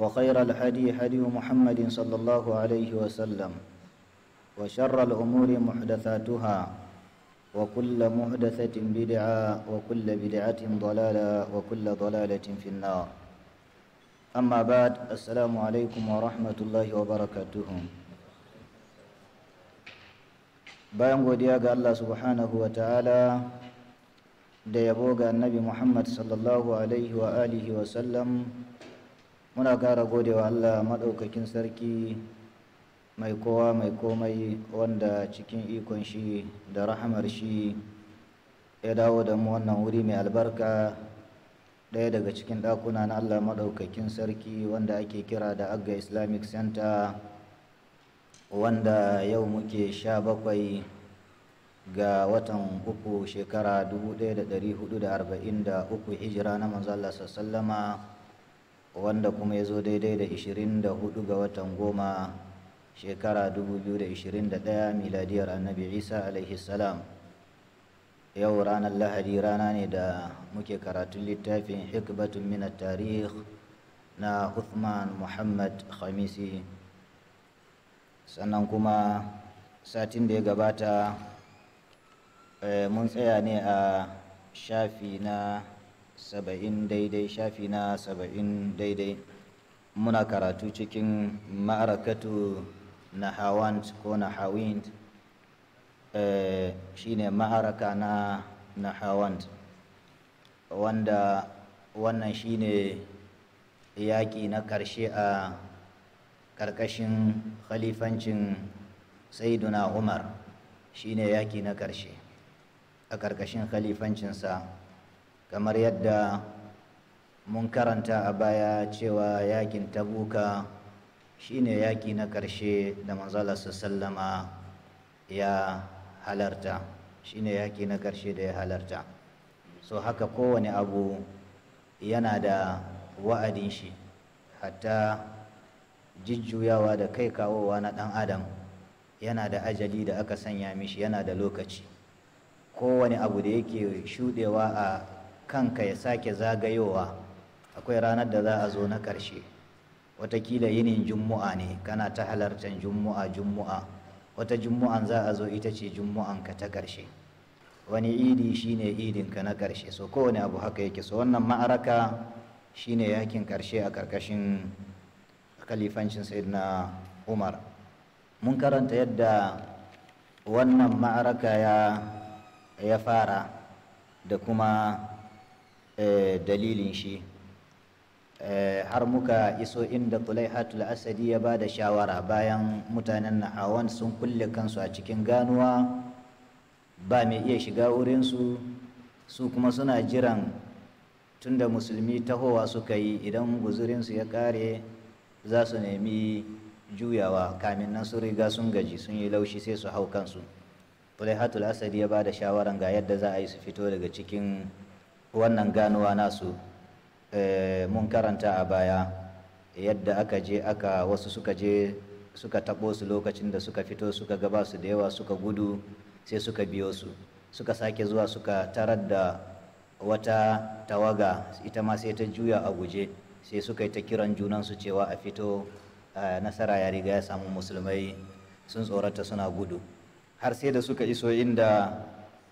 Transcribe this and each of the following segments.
وخير الحدي حدي محمد صلى الله عليه وسلم وشر الأمور محدثاتها وكل محدثة بدعة وكل بدعة ضلالة وكل ضلالة في النار أما بعد السلام عليكم ورحمة الله وبركاته بيان godiya الله سبحانه وتعالى wa النبي محمد صلى الله عليه وآله وسلم muna kara godewa allah maɗaukakin sarki mai kowa mai komai wanda cikin ikon shi da rahamar shi ya dawo da mu wannan wuri mai albarka ɗaya daga cikin ɗakuna na allah maɗaukakin sarki wanda ake kira da agga islamic center wanda yau muke sha bakwai ga watan uku shekara 1443 hijira na manzo Allah wanda kuma ya zo daidai da 24 ga watan goma shekara 2021 miladiyar annabi isa alaihi salam yau ranar lahadi rana ne da muke karatun littafin hikbatun mina tarih na uthman muhammad khamisi sannan kuma satin da ya gabata eh, mun tsaya ne a shafi na saba'in daidai shafi na saba'in daidai muna karatu cikin ma'arakatu hawant ko na eh, Shi ne ma'araka na na hawant wanda wannan shi ne yaƙi na ƙarshe a ƙarƙashin khalifancin saiduna umar shi ne yaƙi na ƙarshe a ƙarƙashin khalifancinsa kamar yadda mun karanta a baya cewa yakin tabuka shine yaki na karshe da manzala sallama ya halarta shine yaki na karshe da ya halarta so haka kowane abu yana da wa'adin shi hatta jijjuyawa da kai kawowa na ɗan adam yana da ajali da aka sanya mishi yana da lokaci kowane abu da yake shuɗewa a kanka ya sake zagayowa akwai ranar da za a zo na ƙarshe watakila yinin jumu'a ne kana ta halartar jumu'a jumu'a wata jumu'an za a zo ita ce jumu'anka ta ƙarshe wani idi shine idinka na ƙarshe so kowane abu haka yake so wannan ma'araka shine yakin ƙarshe a ƙarƙashin kalifancin sayyidina umar mun karanta yadda wannan ma'araka ya ya fara da kuma Eh, dalilin shi eh, har muka iso inda tulaihatul asadi ya ba da shawara bayan mutanen na'awan sun kulle kansu a cikin ganuwa ba mai iya shiga wurinsu su kuma suna jiran tunda musulmi tahowa suka yi idan guzurinsu ya kare za su nemi juyawa kamin nan sun riga sun gaji sun yi laushi sai su hau kansu tulaihatul asadi ya ba da shawaran ga yadda za a yi su fito daga cikin wannan ganuwa nasu eh, mun karanta a baya yadda aka je aka wasu suka je suka taɓo su lokacin da suka fito suka gaba su da yawa suka gudu sai suka biyo su suka sake zuwa suka tarar da wata tawaga ita ma sai ta juya a guje sai suka yi ta kiran junansu cewa a fito nasara ya riga ya samu musulmai sun tsorata suna gudu har sai da suka iso inda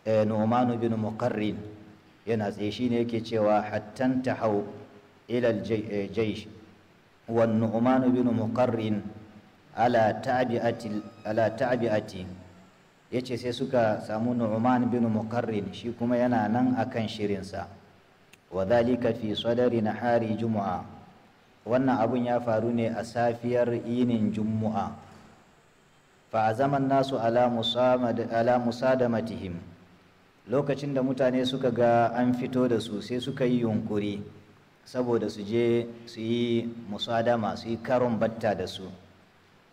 eh, nomanu bin muqarrin yana tsaye shine yake cewa hattan ta ila ilal eh, jaish wan nu'man ibn muqarrin ala tabi'ati ala tabi'ati yace sai suka samu nu'man bin muqarrin shi kuma yana nan akan shirinsa wa dhalika fi sadri nahari jumu'a wannan abun ya faru ne a safiyar yinin jumu'a fa zaman nasu ala musa ala musadamatihim lokacin da mutane suka ga an fito da su sai suka yi yunkuri saboda su je su yi musadama su yi karon batta da su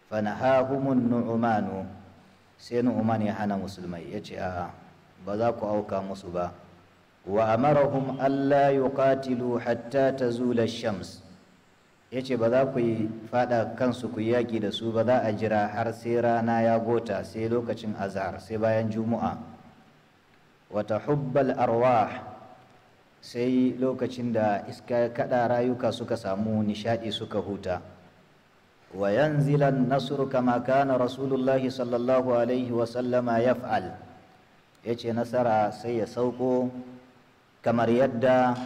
fana fanahahumun nu'umanu sai nu'uman ya hana musulmai ya ce a'a ba za ku auka musu ba wa amarahum alla yuqatilu hatta tazula shams ya ce ba za ku yi fada kansu ku yaki da su ba za a jira har sai rana ya gota sai lokacin azhar sai bayan juma'a wata hubbal arwah sai lokacin da iska kada rayuka suka samu nishadi suka huta wa yanzilan nasru kama kana rasulullahi sallallahu alaihi wa sallama yaf'al yace nasara sai ya sauko kamar yadda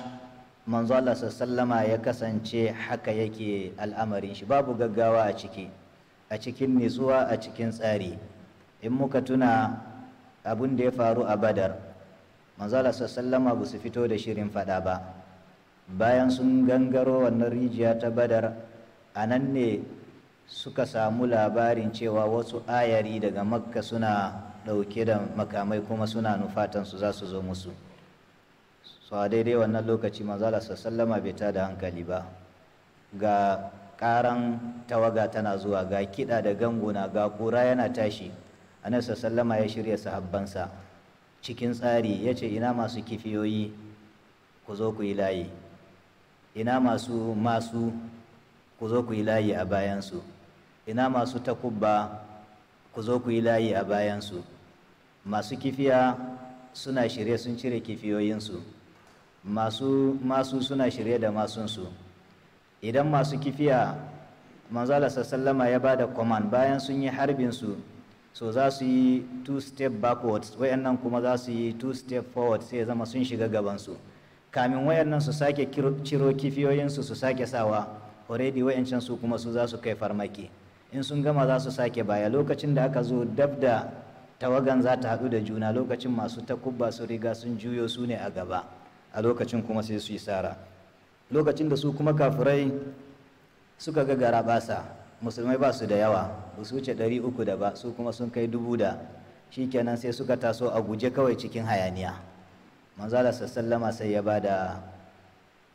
manzo Allah sallama ya kasance haka yake al'amarin shi babu gaggawa a ciki a cikin nitsuwa a cikin tsari in muka tuna abin da ya faru a badar manzala sallama ba su fito da shirin fada ba bayan sun gangaro wannan rijiya ta badar a nan ne suka samu labarin cewa wasu ayari daga makka suna ɗauke da makamai kuma suna nufatan su za su zo musu so a daidai wannan lokaci manzala sallama bai ta da hankali ba ga karan tawaga tana zuwa ga kiɗa da ganguna ga kura yana tashi anasa sallama ya shirya sahabbansa cikin tsari ya ce ina masu kifiyoyi ku zo ku yi layi ina masu masu ku zo ku yi layi a bayansu ina masu takubba ku zo ku yi layi a bayansu masu kifiya suna shirye sun cire kifiyoyinsu masu masu suna shirye da masunsu idan masu kifiya manzala lama ya ba da kwaman bayan sun yi harbinsu so za su yi two step backwards wayannan kuma za su yi two step forward sai zama sun shiga gabansu kamin wayannan su sake ciro kifiyoyinsu su sake sawa already wayancan su kuma su za su kai farmaki in sun gama za su sake baya lokacin da aka zo dab da tawagan za ta haɗu da juna lokacin masu takubba su riga sun juyo su ne a gaba a lokacin kuma sai su yi sara lokacin da su kuma kafurai suka ga garabasa musulmai ba su da yawa ba su wuce ɗari uku da ba su kuma sun kai dubu da shi kenan sai suka taso a guje kawai cikin hayaniya manzala sallama sai ya bada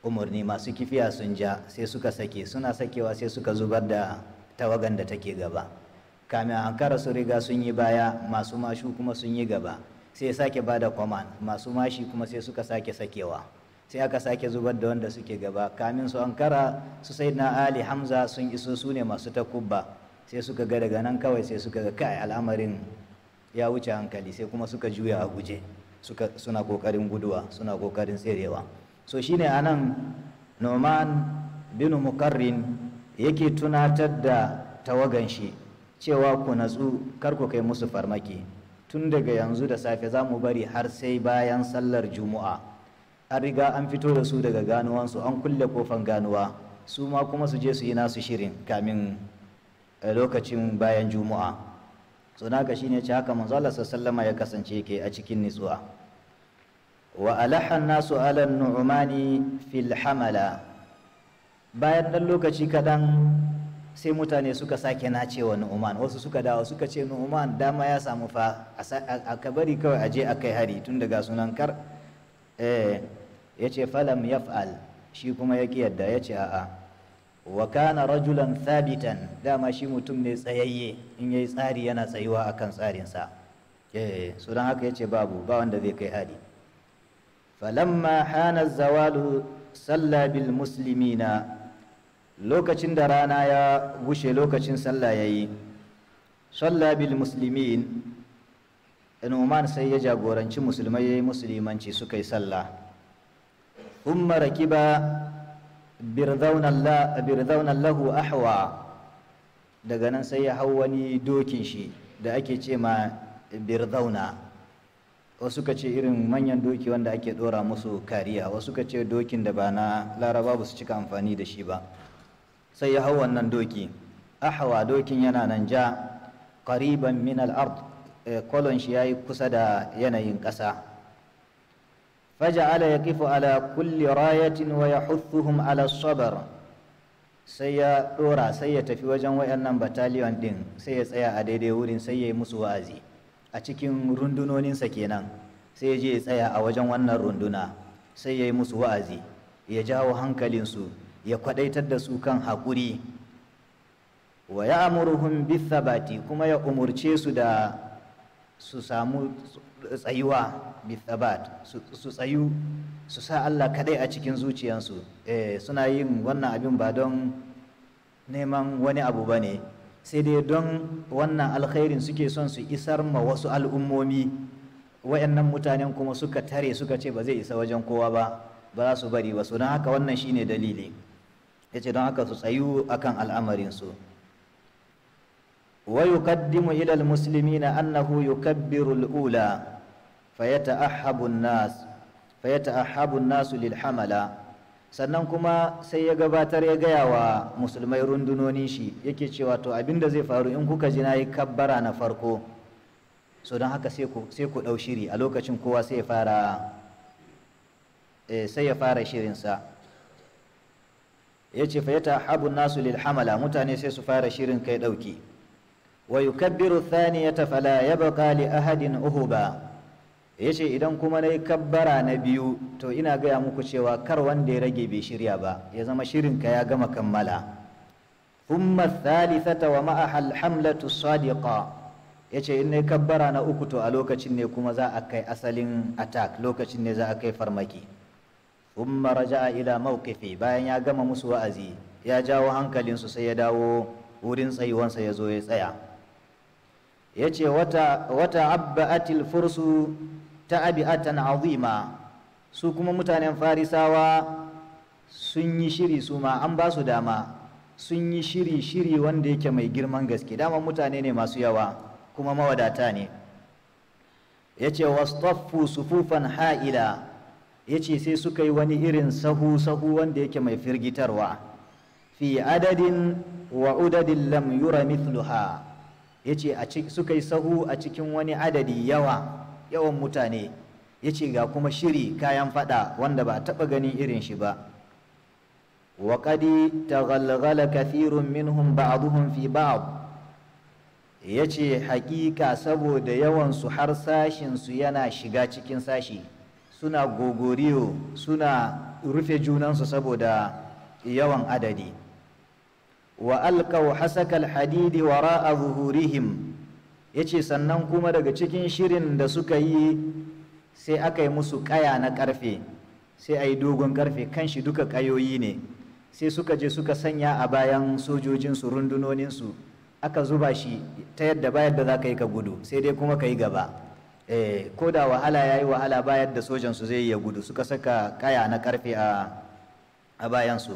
umarni masu kifiya sun ja sai suka sake suna sakewa sai suka zubar da tawagan da take gaba kamin hankara su riga sun yi baya masu mashu kuma sun yi gaba sai sake bada kwaman masu mashi kuma sai suka sake sakewa sai aka sake zubar da wanda suke gaba kamin su ankara su sai na ali hamza sun iso su ne masu takubba sai suka ga daga nan kawai sai suka ga kai al'amarin ya wuce hankali sai kuma suka juya a guje suna kokarin guduwa suna kokarin tserewa so shine anan noman bin mukarrin yake tunatar da tawagan shi cewa ku natsu kar ku kai musu farmaki tun daga yanzu da safe za mu bari har sai bayan sallar juma'a an riga an fito da su daga ganuwansu an kulle kofan ganuwa su ma kuma su je su yi nasu shirin kamin eh, lokacin bayan juma'a so ka shine ce haka manzo Allah sallama ya kasance ke a cikin nitsuwa wa alahan nasu ala nu'mani fil hamala bayan dan lokaci kadan sai mutane suka sake nacewa nu'man wasu suka dawo suka ce nu'man dama ya samu fa a kabari kawai aje akai hari tun daga sunan kar eh ya ce falam yaf'al shi kuma ya yadda ya ce a'a wa kana rajulan thabitan dama shi mutum ne tsayayye in yayi tsari yana tsayuwa akan tsarinsa eh so don haka ya ce babu ba wanda zai kai hadi falamma hana zawalu salla bil muslimina lokacin da rana ya gushe lokacin sallah yayi salla bil muslimin sai ya jagoranci musulmai yayi musulmanci suka yi sallah ثم ركب برذون الله برذون له أحوى daga nan sai ya hau wani dokin shi da ake ce ma birzauna wasu ka ce irin manyan doki wanda ake dora musu kariya wasu ka ce dokin da ba na laraba ba su cika amfani da shi ba sai ya hau wannan doki ahawa dokin yana nan ja ƙariban min al'ard kolon shi ya yi kusa da yanayin ƙasa فجعل يقف على كل راية ويحثهم على الصبر sai ya سيا sai ya tafi wajen دين bataliyon تسيا sai ya tsaya a daidai wurin sai ya yi musu a cikin rundunoninsa kenan sai ya je ya tsaya a wajen wannan runduna sai ya yi musu wa'azi ya jawo hankalinsu ya kwadaitar da su kan haƙuri wa ya amurhum bithabati kuma ya umurce su da su samu tsayuwa bithabat su tsayu su sa Allah kadai a cikin zuciyansu eh, suna yin wannan abin ba don neman wani abu ba ne sai dai don wannan alkhairin suke son su isar ma wasu al'ummomi wayannan mutanen kuma suka tare suka ce ba zai isa wajen kowa ba ba za su bari ba su don haka wannan shine dalili ya ce don haka su tsayu akan al'amarinsu ويقدم إلى المسلمين أنه يكبر الأولى فيتأحب الناس فيتأحب الناس للحملة sannan kuma sai ya gabatar ya gaya wa musulmai rundunonin shi yake cewa to abin da zai faru in kuka ji na yi kabbara na farko so don haka sai ku ɗau shiri a lokacin kowa sai ya fara sai ya fara shirinsa ya ce fa ya habun nasu lil hamala mutane sai su fara shirin kai ɗauki ويكبر الثانية فلا يبقى لأحد أهبا yace idan kuma nayi kabbara na biyu to ina gaya muku cewa kar wanda ya rage bai shirya ba ya zama shirinka ya gama kammala thumma thalithata wa ma'aha alhamlatu sadiqa yace in nayi kabbara na uku to a lokacin ne kuma za a kai asalin attack lokacin ne za a kai farmaki thumma raja'a ila mawqifi bayan ya gama musu wa'azi ya jawo hankalinsu sai ya dawo wurin tsayuwansa ya zo ya tsaya ya ce wata abba'atil fursu ta abi'atan azima su kuma mutanen farisawa sun yi shiri su ma an ba su dama sun yi shiri shiri wanda yake mai girman gaske dama mutane ne masu yawa kuma mawadata ne ya ce wastaffu sufufan ha'ila ya ce sai suka yi wani irin sahu sahu wanda yake mai firgitarwa fi adadin wa'udadin lam yura mithluha yace a suka yi sahu a cikin wani adadi yawa yawan mutane yace ga kuma shiri kayan fada wanda ba taba ganin irin shi ba wa qadi taghalghala kathirun minhum ba'dhum fi ba'd yace hakika saboda yawan su har sashin su yana shiga cikin sashi suna gogoriyo suna rufe junansu saboda yawan adadi hadidi wa ra’a buhurihim ya ce sannan kuma daga cikin shirin da suka yi sai aka yi musu kaya na karfe sai a yi dogon karfe kan shi duka kayoyi ne sai suka je suka sanya a bayan sojojinsu rundunoninsu aka zuba shi ta yadda bayar da za ka yi ka gudu sai dai kuma ka yi gaba ko da wahala ya yi wahala bayar da sojansu zai yi ya gudu suka saka kaya na karfe a bayansu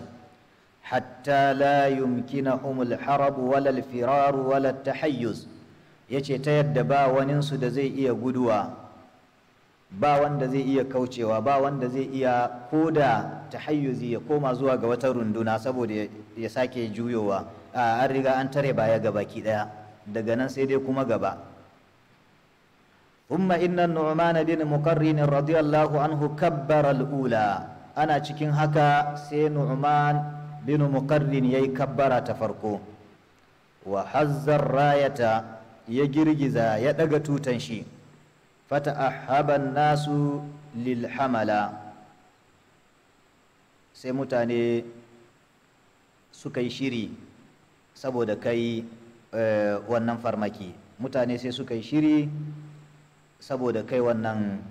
hatta la yumkinahum al-harab walal firaru wala tahayyuz yace ta yadda ba waninsu da zai iya guduwa ba wanda zai iya kaucewa ba wanda zai iya koda tahayyuzi ya koma zuwa ga wata runduna saboda ya sake juyowa an riga an tare baya ga baki daya daga nan sai dai kuma gaba umma inna nu'man bin muqarrin radiyallahu anhu kabbara al-ula ana cikin haka sai nu'man bin muqarrin yayi kabbara ta farko wa hazzar rayata ya girgiza ya daga tutan shi fata ahaban nasu lil hamala sai mutane suka yi shiri saboda kai wannan farmaki mutane sai suka yi shiri saboda kai wannan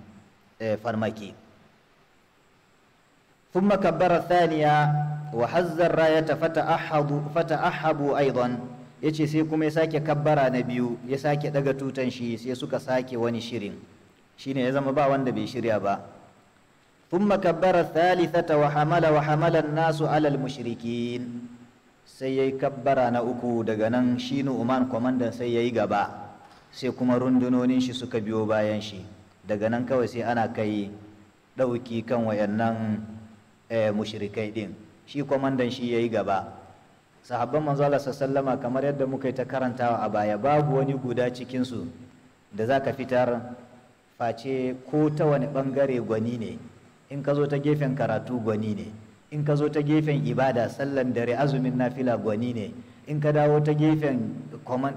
farmaki ثم kabbara tsaniya. wa hazzar a habu aidan ya ce sai kuma ya sake kabbara na biyu ya sake daga tutan shi sai suka sake wani shirin shine ya zama ba wanda bai shirya ba thalithata wa hamala wa وحمل nasu alal المشركين sai ya yi kabbara na uku daga nan shi Nu'man kwamandan sai yayi gaba sai kuma rundunonin shi suka biyo bayan shi daga nan kawai sai ana kai ɗauki kan wayannan eh, mushrikai ɗin shi kwamandan shi ya yi gaba sahabban manzala sallama kamar yadda muka yi ta karantawa a baya babu wani guda cikinsu da za ka fitar face ko ta wani bangare gwani ne in ka zo ta gefen karatu gwani ne in ka zo ta gefen ibada sallan dare azumin nafila gwani ne in ka dawo ta gefen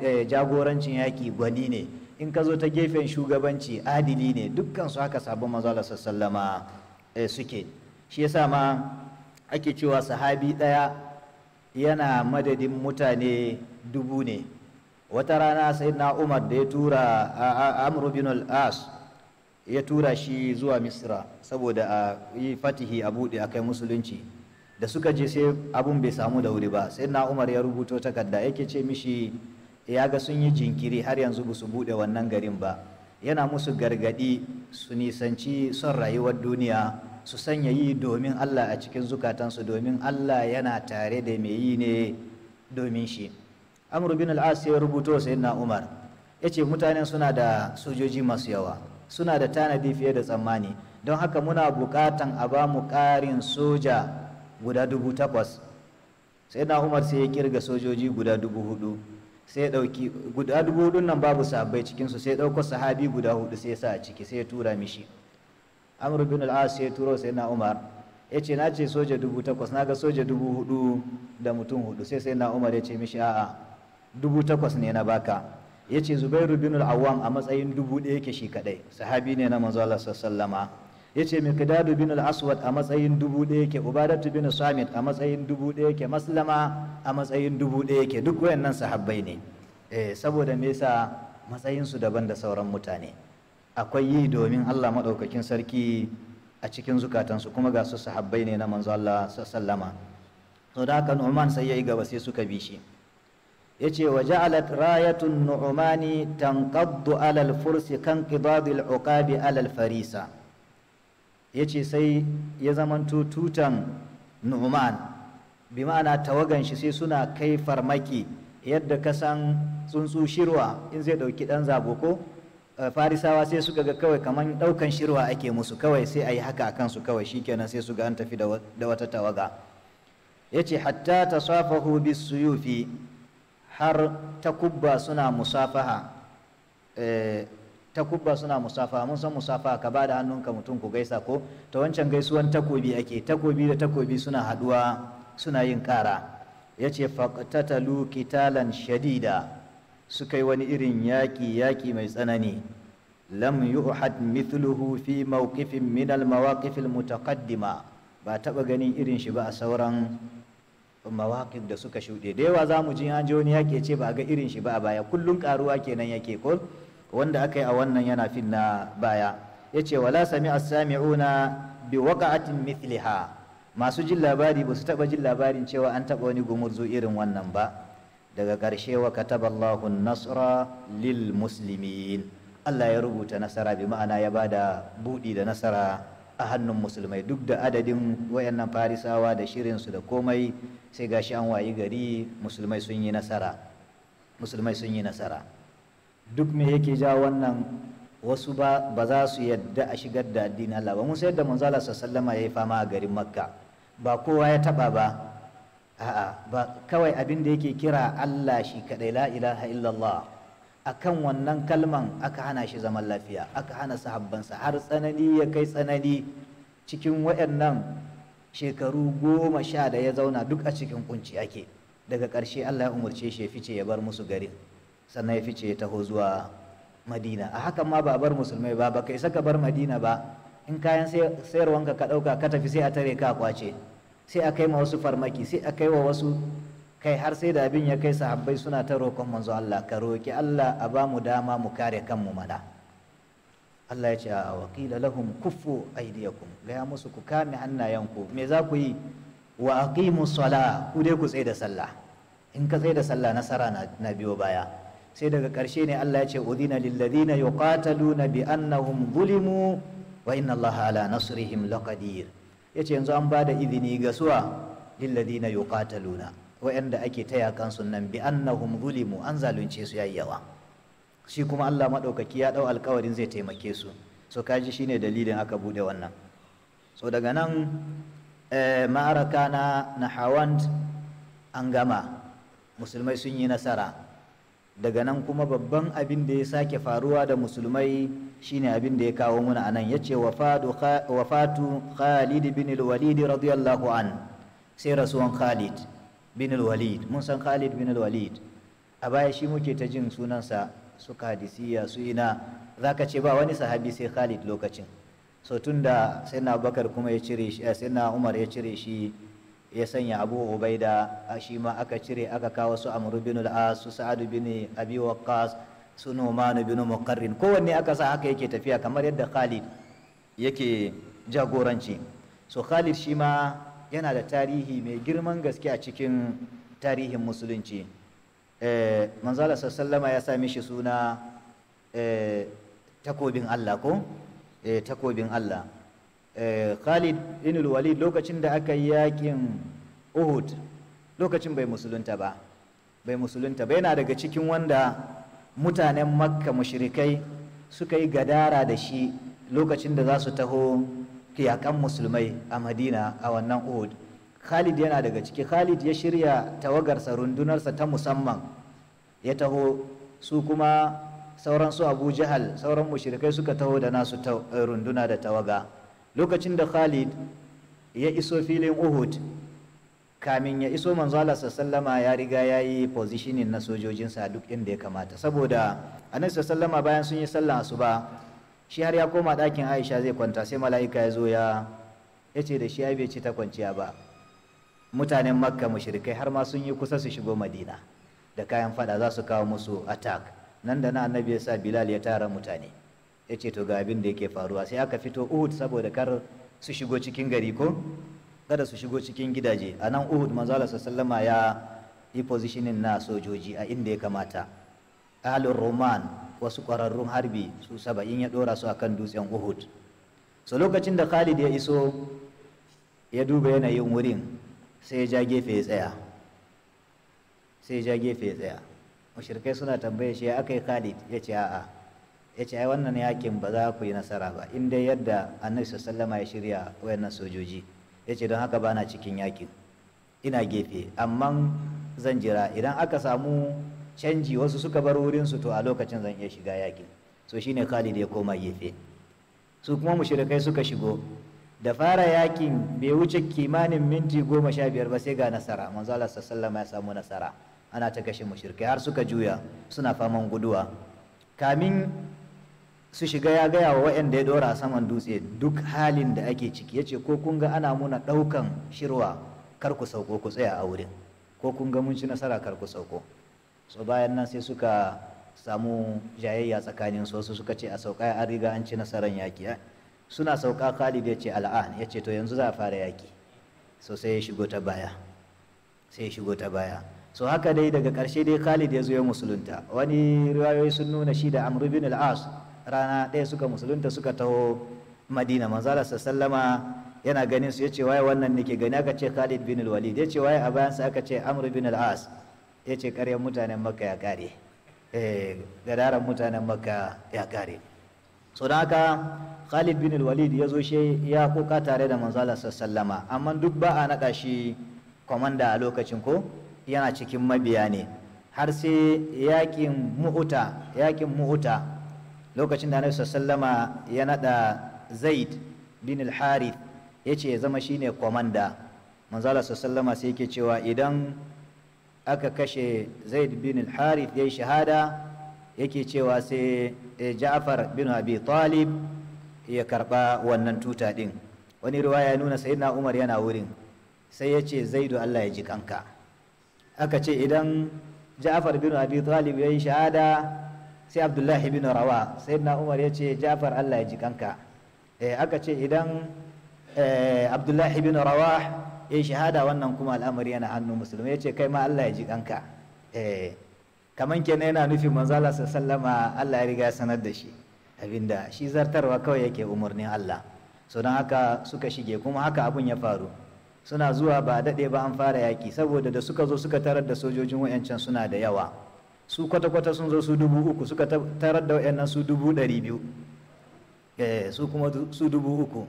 eh, jagorancin yaki gwani ne in ka zo ta gefen shugabanci adili ne dukkan su haka sabon manzala sallama eh, suke shi yasa ma ake cewa sahabi ɗaya yana madadin mutane dubu ne wata rana sai na umar da ya tura amru bin al-as ya tura shi zuwa misra saboda a yi fatihi a buɗe a kai musulunci da suka je sai abun bai samu da wuri ba sai na umar ya rubuto takarda yake ce mishi ya ga sun yi jinkiri har yanzu ba su buɗe wannan garin ba yana musu gargaɗi su nisanci son rayuwar duniya su sanya yi domin Allah a cikin zukatansu domin Allah yana tare da mai yi ne domin shi amur bin al'as ya rubuto sayyidina umar ya ce mutanen suna da sojoji masu yawa suna da tanadi fiye da tsammani don haka muna bukatan a ba mu ƙarin soja guda dubu takwas sai na umar sai ya kirga sojoji guda dubu hudu sai ɗauki guda dubu hudun nan babu sahabai cikinsu sai ɗauko sahabi guda hudu sai sa a ciki sai ya tura mishi amur bin al ya turo sai na umar ya ce na ce soja dubu takwas na ga soja dubu hudu da mutum hudu sai sai na umar ya ce mishi a'a dubu takwas ne na baka ya ce zubairu bin Awam a matsayin dubu ɗaya ke shi kaɗai sahabi ne na manzo sassallama sallama ya ce miqdadu bin aswad a matsayin dubu ɗaya ke ubadatu bin samit a matsayin dubu ɗaya ke maslama a matsayin dubu ɗaya ke duk wayannan sahabbai ne eh saboda me yasa matsayinsu daban da sauran mutane akwai yi domin Allah maɗaukakin sarki a cikin zukatansu kuma ga su sahabbai ne na manzo Allah sallama to da haka Nu'man sai ya yi gaba sai suka bi shi yace wa ja'alat rayatun nu'mani tanqaddu ala al-fursi kan qidadil uqabi ala al-farisa yace sai ya zamanto tutan Nu'man bi ma'ana tawagan shi sai suna kai farmaki yadda ka san tsuntsu shirwa in zai dauki dan zabo ko Eh, farisawa sai suka ga kawai kamar ɗaukan shirwa ake musu kawai sai a yi haka a kansu kawai shikenan sai su ga an tafi da wata tawaga ya ce hatta ta safahu su suyufi har takubba suna musafaha eh, takubba mun san musafaha ka ba da hannunka mutum ku gaisa ko ta wancan gaisuwan takobi ake takobi da takobi suna haɗuwa suna yin kara ya ce faƙtatalu kitalan shadida suka yi wani irin yaƙi yaƙi mai tsanani lam yuhad mithluhu fi mawqifin min al mawaqif mutaqaddima ba taɓa ganin irin shi ba a sauran mawaƙif da suka shuɗe da yawa za mu ji an ji wani yaƙi ce ba a ga irin shi ba a baya kullum ƙaruwa kenan yake ko wanda aka yi a wannan yana fin na baya ya ce wala sami samiuna bi waqa'atin mithliha masu jin labari ba su taɓa jin labarin cewa an taɓa wani gumurzu irin wannan ba daga ƙarshe wa kataballahu nasra lil muslimin Allah ya rubuta nasara bi ma'ana ya da buɗi da nasara a hannun musulmai duk da adadin wayannan farisawa da shirinsu da komai sai gashi an wayi gari musulmai sun yi nasara musulmai sun yi nasara duk me yake ja wannan wasu ba za su yadda a shigar da addinin Allah ba mun sai da manzala sallallahu alaihi wasallama yayi fama a garin Makka ba kowa ya taba ba a'a ba kawai abin da yake kira Allah shi kadai la ilaha illallah akan wannan kalman aka hana shi zaman lafiya aka hana sahabbansa har tsanani ya kai tsanani cikin waɗannan shekaru goma sha da ya zauna duk a cikin kunci ake daga ƙarshe Allah ya umarce shi ya fice ya bar musu garin sannan ya fice ya taho zuwa madina a hakan ma ba bar musulmai ba ba kai saka bar madina ba in kayan sayarwanka ka ɗauka ka tafi sai a tare ka kwace sai a kai ma wasu farmaki sai a kai wa wasu kai har sai da abin ya kai sahabbai suna ta roƙon manzo Allah ka roƙi Allah a ba mu dama mu kare kanmu mana Allah ya ce a waƙila lahum kuffu aydiyakum gaya musu ku kame hannayenku me za ku yi wa aqimu sala ku dai ku tsaye da sallah in ka tsaye da sallah nasara na biyo baya sai daga ƙarshe ne Allah ya ce udina lilladina yuqataluna bi annahum zulimu wa inna Allah ala nasrihim laqadir ya ce yanzu an ba da izini ga suwa na yuqataluna wa'anda ake ta yakan sunan bi annahum zulimu an zalunce su yayi yawa shi kuma Allah maɗaukaki ya dau alkawarin zai taimake su so kaji shine dalilin aka bude wannan so daga nan eh, ma'araka na hawand an gama musulmai sun yi nasara daga nan kuma babban abin da ya sake faruwa da musulmai shine abin da ya kawo muna anan ya ce wafatu khalid bin walid radiyallahu an sai rasuwan khalid bin walid mun san khalid bin walid a baya shi muke ta jin sunansa su kadisiya su ina zaka ce ba wani sahabi sai khalid lokacin so tunda sai na bakar kuma ya cire shi eh, sai na umar ya cire shi ya sanya abu ubaida shi ma aka cire aka kawo su amru bin al-as su sa'adu bin abi waqqas su numan bin muqarrin kowanne aka sa haka yake tafiya kamar yadda khalid yake jagoranci so khalid shi ma yana da tarihi mai girman gaske a cikin tarihin musulunci eh manzala sallama ya sami shi suna eh takobin Allah ko eh takobin Allah Eh, khalid bin walid lokacin da aka yi yakin uhud lokacin bai musulunta ba bai musulunta ba yana daga cikin wanda mutanen makka mushrikai suka yi gadara da shi lokacin da za su taho kiyakan musulmai a madina a wannan uhud khalid yana daga ciki khalid ya shirya tawagarsa rundunarsa ta musamman ya taho su kuma sauran su abu jahal sauran mushrikai suka taho da nasu eh, runduna da tawaga lokacin da khalid ya iso filin uhud kamin ya iso manzo Allah sallama ya riga ya yi positioning na sojojinsa duk inda ya kamata saboda annabi sallama bayan sun yi sallah asuba shi har ya koma dakin Aisha zai kwanta sai mala'ika ya zo ya yace da shi ai bai ci ta kwanciya ba mutanen Makka mushrikai har ma sun yi kusa su shigo Madina da kayan fada za su kawo musu attack nan da nan annabi ya sa Bilal ya tara mutane ya ce to ga abin da yake faruwa sai aka fito uhud saboda kar su shigo cikin gari ko kada su shigo cikin gidaje a nan uhud manzala sallama ya yi positioning na sojoji a inda ya kamata ahlul roman wasu ƙwararrun harbi su saba'in ya ɗora su akan dutsen uhud so lokacin da khalid ya iso ya duba yanayin wurin sai ya ja gefe ya tsaya sai ya ja gefe ya tsaya suna tambaye shi ya aka yi khalid ya ce a'a ya ce wannan yakin ba za ku yi nasara ba inda yadda annabi sallama ya shirya wayannan sojoji ya ce don haka ba na cikin yakin ina gefe amma zan jira idan aka samu canji wasu suka bar wurinsu to a lokacin zan iya shiga yakin so shine khalid ya koma gefe su kuma mushrikai suka shigo da fara yakin bai wuce kimanin minti goma sha biyar ba sai ga nasara manzo Allah sallama ya samu nasara ana ta kashe mushrikai har suka juya suna faman guduwa kamin su shiga ya gaya wa waɗanda ya ɗora saman dutse duk halin da ake ciki ya ce ko kun ga ana muna ɗaukan shirwa kar ku sauko ku tsaya a wurin ko kun ga mun ci nasara kar ku sauko so bayan nan sai suka samu jayayya tsakanin su wasu suka ce a sauka an riga an ci nasaran yaƙi eh, suna sauka khalid ya ce al'an ya ce to yanzu za a fara yaki so sai ya shigo ta baya sai ya shigo ta baya so haka dai daga karshe dai khalid ya zo ya musulunta wani riwayoyi sun nuna shi da amr bin al-as rana ɗaya suka musulunta suka taho madina manzala sallama yana ganin su ya ce waye wannan ne ke gani aka ce khalid bin walid ya ce waye a bayan bayansa aka ce amr bin al-as ya ce karyar mutanen makka ya kare eh, gadaran mutanen makka ya kare so don haka khalid bin walid ya zo shi ya kuka tare da manzala sallama amma duk ba a naɗa shi kwamanda a lokacin ko yana cikin mabiya ne har sai yakin yakin mu'uta lokacin da annabi sallama ya nada zaid bin al-harith yace ya zama shine komanda manzo sallama sai yake cewa idan aka kashe zaid bin al-harith yayi shahada yake cewa sai eh, Ja'far bin Abi Talib ya karba wannan tuta din wani riwaya ya nuna sayyidina Umar yana wurin sai ya ce zaidu Allah ya ji kanka aka ce idan Ja'far bin Abi Talib ya yi shahada sai abdullahi bin rawa sai na umar ya ce jafar allah ya ji kanka eh, aka ce idan eh, abdullahi bin rawa ya shahada wannan kuma al'amari yana hannun musulmi ya ce kai ma allah ya ji kanka eh, kaman kenan yana nufi manzala sallama allah ya riga sanar da shi abinda shi zartarwa kawai yake umarnin allah so don haka suka shige kuma haka abun ya faru suna zuwa ba daɗe ba an fara yaƙi saboda da suka zo suka tarar da sojojin wayancan suna da yawa su kwata-kwata sun zo su dubu uku suka tarar da wa'yan su dubu ɗari biyu eh, su kuma su dubu uku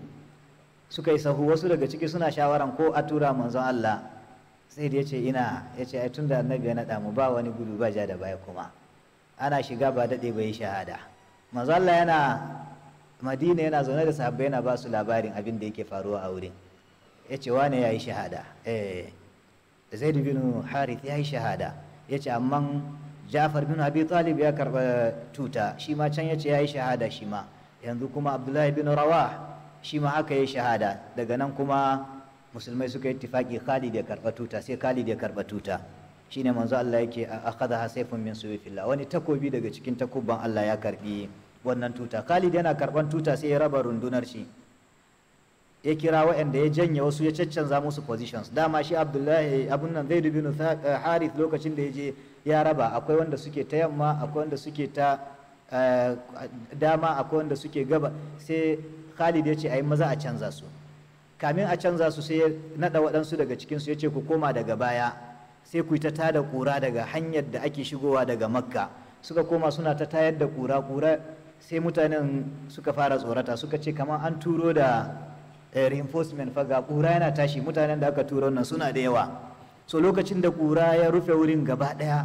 suka yi sahu wasu daga ciki suna shawaran ko a tura manzon Allah sai da ya ce ina ya ce tun da annabi ya naɗa mu ba wani gudu ba ja da baya kuma ana shiga ba daɗe ba yi shahada manzon Allah yana madina yana zaune da sahabbai yana ba su labarin abin da yake faruwa a wurin ya ce wane ya yi shahada eh zaid bin harith ya yi shahada ya ce amma ja'far bin abi talib ya karba tuta shi ma can yace yi shahada shi ma yanzu kuma abdullahi bin rawah shi ma haka yayi shahada daga nan kuma musulmai suka yi tifaki khalid ya karba tuta sai khalid ya karba tuta shine manzo Allah yake akhadha sayfun min fila wani takobi daga cikin takubban Allah ya karbi wannan tuta khalid yana karban tuta sai ya raba rundunar shi ya kira waɗanda ya janye wasu ya caccanza musu positions dama shi abdullahi abun nan Zaid bin eh, harith lokacin da ya je ya raba akwai wanda suke ta yamma akwai wanda suke ta eh, dama akwai wanda suke gaba sai khalid ya ce yi maza a canza su kamin a canza su sai ya naɗa waɗansu daga cikinsu ya ce ku koma daga baya sai ku ta tada kura daga hanyar da ake shigowa daga makka suka koma suna ta tayar da kura ƙura sai mutanen suka fara tsorata suka ce kamar an turo da eh, reinforcement faga kura yana tashi mutanen da aka turo nan suna da yawa so lokacin da kura ya rufe wurin gaba ɗaya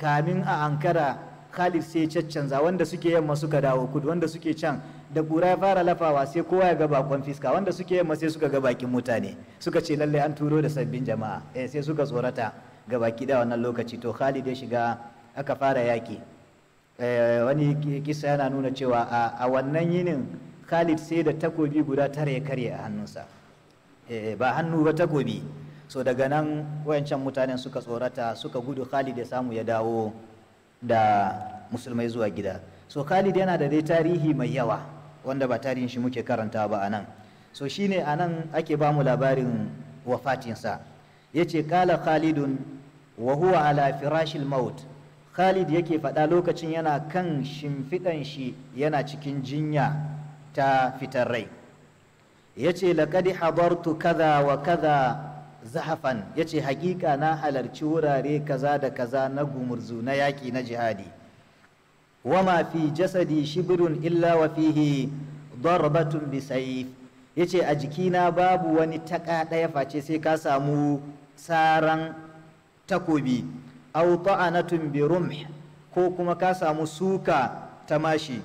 kamin a ankara khalid sai caccanza wanda suke yamma suka dawo kudu wanda suke can da kura ya fara lafawa sai kowa ya ga bakon fiska wanda suke yamma sai suka ga bakin mutane suka ce lallai an turo da sabbin jama'a eh sai suka tsorata ga baki da wannan lokaci to khalid ya shiga aka fara yaki eh, wani kisa yana nuna cewa a wannan yinin khalid sai da takobi guda tare ya karye a hannunsa eh, ba hannu ba takobi so daga nan wayancan mutanen suka tsorata suka gudu khalid ya samu ya dawo da musulmai zuwa gida so khalid yana da dai tarihi mai yawa wanda ba tarihin shi muke karanta ba anan so shine anan ake ba mu labarin wafatinsa ya ce kala khalidun wa huwa ala firashil maut khalid yake faɗa lokacin yana kan shimfiɗan shi yana cikin jinya ta fitar rai ya ce laƙadi habartu kaza wa kaza zahafan ya ce hakika na halarci wurare kaza da kaza na gumurzu na yaƙi na jihadi wama fi jasadi shibirun illa wa fihi darbatun bisayif ya ce a jikina babu wani taƙa ɗaya face sai ka samu saran takobi au ta'anatun bi rumh ko kuma ka samu suka ta mashi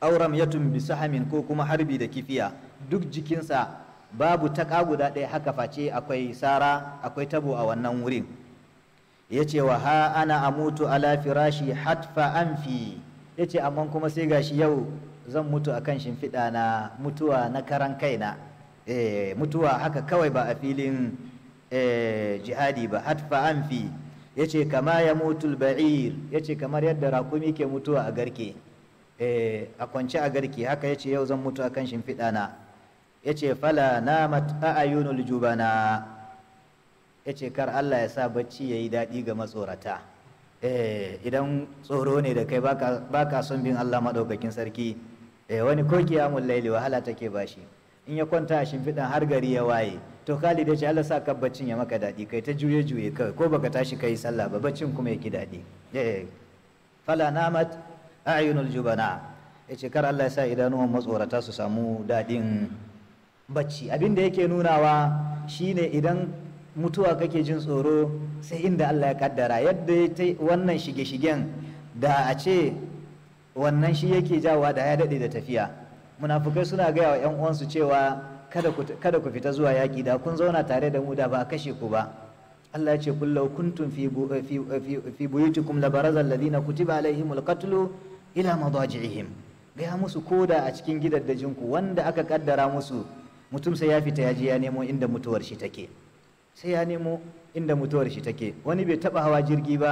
auram yatun bi sahamin ko kuma harbi da kifiya duk jikinsa babu ta guda ɗaya haka face akwai sara akwai tabo a wannan wurin ya ce wa ha ana amutu ala firashi hatfa anfi ya ce amma kuma sai gashi yau zan mutu a kan shimfiɗa na mutuwa na karan kaina na eh, mutuwa haka kawai ba a filin eh, jihadi ba hatfa anfi ya ce kama ya mutu ba'ir ya ce kamar yadda rakumi ke mutuwa a garke eh, a kwance a garke haka ya ce yau zan mutu a kan shimfiɗa na yace fala namat a'yunul jubana yace kar Allah ya sa bacci yi daɗi ga matsorata eh idan tsoro ne da kai baka son bin Allah maɗaukakin sarki eh wani ko kiyamul laili wahala take ba bashi in ya kwanta a shimfiɗan har gari ya waye to Khalid ya ce Allah sa ka baccin ya maka daɗi kai ta juye juye kai ko baka tashi kai sallah ba baccin kuma yake daɗi eh fala namat a'yunul jubana yace kar Allah ya sa idanuwan matsorata su samu daɗin bacci abinda yake nunawa shine idan mutuwa kake jin tsoro sai inda Allah ya kaddara yadda ya ta wannan shige-shigen da a ce wannan shi yake jawa da ya daɗe da tafiya munafukai suna gaya wa 'yan uwansu cewa kada ku fita zuwa yaki da kun zauna tare da mu da ba kashe ku ba Allah ya ce kullau kuntum fi buyutikum labaraza alladhina kutiba alaihimul qatlu ila madajihim gaya musu koda a cikin ku wanda aka kaddara musu mutum sai ya fita ya je ya nemo inda mutuwar shi take sai ya nemo inda mutuwar shi take wani bai taba hawa jirgi ba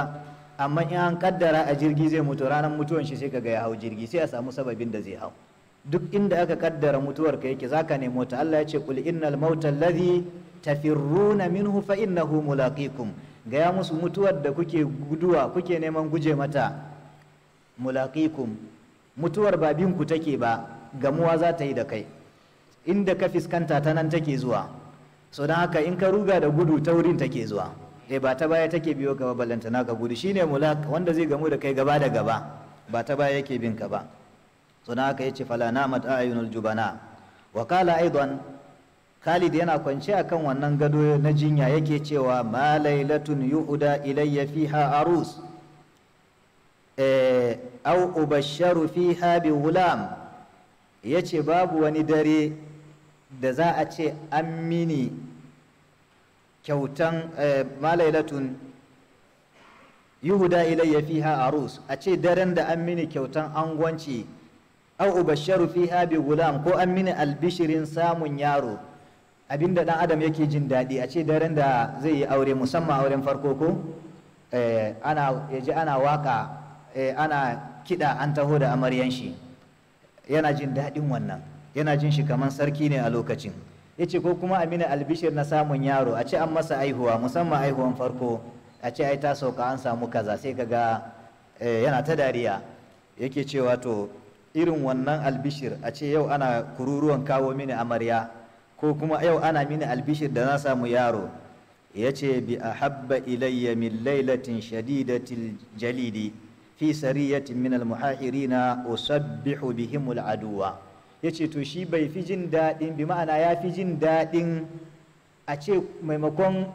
amma in an kaddara a jirgi zai mutu ranar mutuwar shi sai ka ya hau jirgi sai a samu sababin da zai hau duk inda aka kaddara mutuwar ka yake zaka nemo ta Allah ya ce qul innal mauta alladhi tafirruna minhu fa innahu mulaqikum gaya musu mutuwar da kuke guduwa kuke neman guje mata mulaqikum mutuwar ba take ba gamuwa za ta yi da kai inda ka fiskanta ta nan take zuwa so don haka in ka ruga da gudu ta wurin take zuwa eh ba ta baya take biyo gaba ballantana ka gudu shine mulak wanda zai gamu da kai gaba da gaba ba ta baya yake bin ka ba so don haka yace fala namat ayunul jubana wa qala aidan Khalid yana kwance akan wannan gado na jinya yake cewa ma lailatun yu'da ilayya fiha arus eh au ubasharu fiha bi gulam yace babu wani dare da za a ce an mini kyautan eh, malailatun yuhuda ilayya fiha arus a ce daren da an mini kyautan angwanci au ubasharu fiha bi gulam ko an mini albishirin samun yaro abinda dan adam yake jin daɗi a ce daren da zai yi aure musamman auren farko ko eh, ya ji ana waka eh, ana kiɗa an taho da amaryan shi yana jin daɗin wannan yana jin shi kamar sarki ne a lokacin ya ce ko kuma amina albishir na samun yaro a ce an masa aihuwa musamman aihuwan farko a ce ai ta sauka an samu kaza sai ka ga eh, yana ta dariya yake cewa to irin wannan albishir a ce yau ana kururuwan kawo mini amarya ko kuma yau ana mini albishir da na samu yaro ya ce bi a habba ilayya min lailatin shadidatil jalidi fi sariyatin min almuha'irina usabbihu bihimul aduwa ya ce to shi bai fi jin daɗin bi ma'ana ya fi jin daɗin a ce maimakon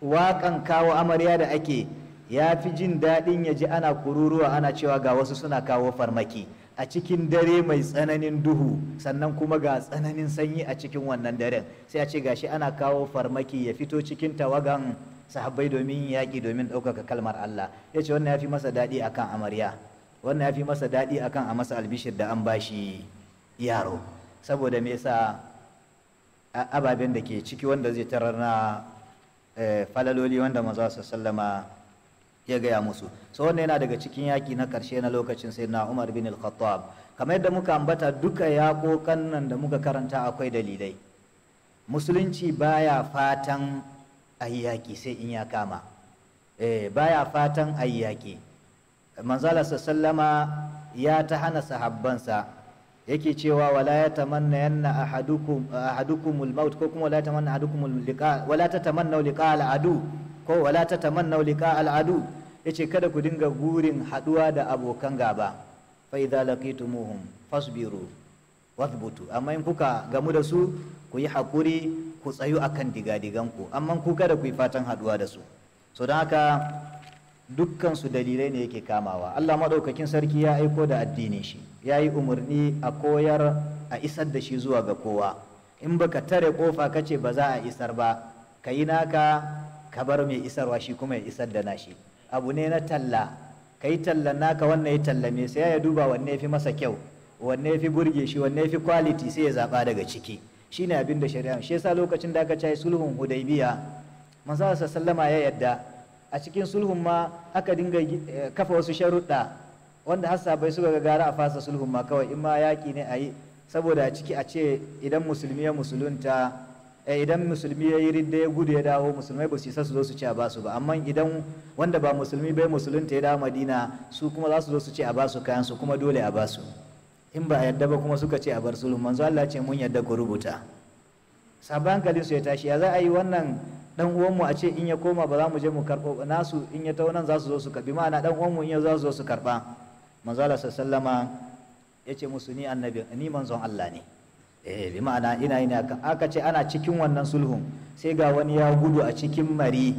waƙan kawo amarya da ake ya fi jin daɗin ya ji ana kururuwa ana cewa ga wasu suna kawo farmaki a cikin dare mai tsananin duhu sannan kuma ga tsananin sanyi a cikin wannan daren sai a ce gashi ana kawo farmaki ya fito cikin tawagan sahabbai domin yaƙi domin ɗaukaka kalmar Allah ya ce wannan ya fi masa daɗi akan amarya wannan ya fi masa daɗi akan a masa albishir da an bashi yaro saboda me yasa ababen da ke ciki wanda zai tarar na eh, falaloli wanda maza su sallama ya gaya musu so wannan yana daga cikin yaki na karshe na lokacin sai na umar bin al-khattab kamar yadda muka ambata duka yaƙoƙan nan da muka karanta akwai dalilai musulunci baya fatan ayyaki sai in ya kama eh, baya fatan ayyaki manzala sallama ya ta hana sahabbansa yake cewa wala ya tamanna yanna ahadukum ahadukumul maut ko kuma wala tamanna ahadukumul liqa wala tamanna liqa al adu ko wala tamanna liqa al adu yace kada ku dinga gurin haduwa da abokan gaba fa idza laqitumuhum fasbiru wathbutu amma in kuka gamu da su ku yi hakuri ku tsayu akan digadigan ku amma ku kada ku yi fatan haduwa da su so don haka dukkansu dalilai ne yake kamawa Allah maɗaukakin sarki ya aiko da addinin shi ya yi umarni a koyar a isar da shi zuwa ga kowa in baka tare kofa ka ce ba za a isar ba ka yi naka ka bar mai isarwa shi kuma ya isar da nashi abu ne na talla ka yi talla naka wannan ya tallame sai ya duba wanne ya fi masa kyau wanne ya fi burge shi wanne ya fi kwaliti sai ya zaɓa daga ciki shine abin da shari'a shi yasa lokacin da aka ci sulhun hudaybiya manzo sallama ya yadda a cikin sulhun ma aka dinga eh, kafa wasu sharuɗa wanda har bai suka ga gara a fasa sulhun ma kawai in ma yaƙi ne a yi saboda a ciki a ce idan musulmi ya musulunta eh, idan musulmi ya yi ridda ya gudu ya dawo musulmai ba su isa su zo su ce a basu ba amma idan wanda ba musulmi bai musulunta ya dawo madina su kuma za su zo su ce a basu kayan su kuma dole a basu in ba a yadda ba kuma suka ce a bar sulhun manzo Allah ce mun yadda ku rubuta sabon hankalin su ya tashi ya za a yi wannan dan uwanmu a ce in ya koma ba za mu je mu karɓo nasu in ya tawo nan za su zo su karɓi ma'ana dan uwanmu in ya za su zo su karɓa manzo Allah sallama ya ce musu ni annabi ni manzon Allah ne eh bi ma'ana ina ina aka ce ana cikin wannan sulhun sai ga wani ya gudu a cikin mari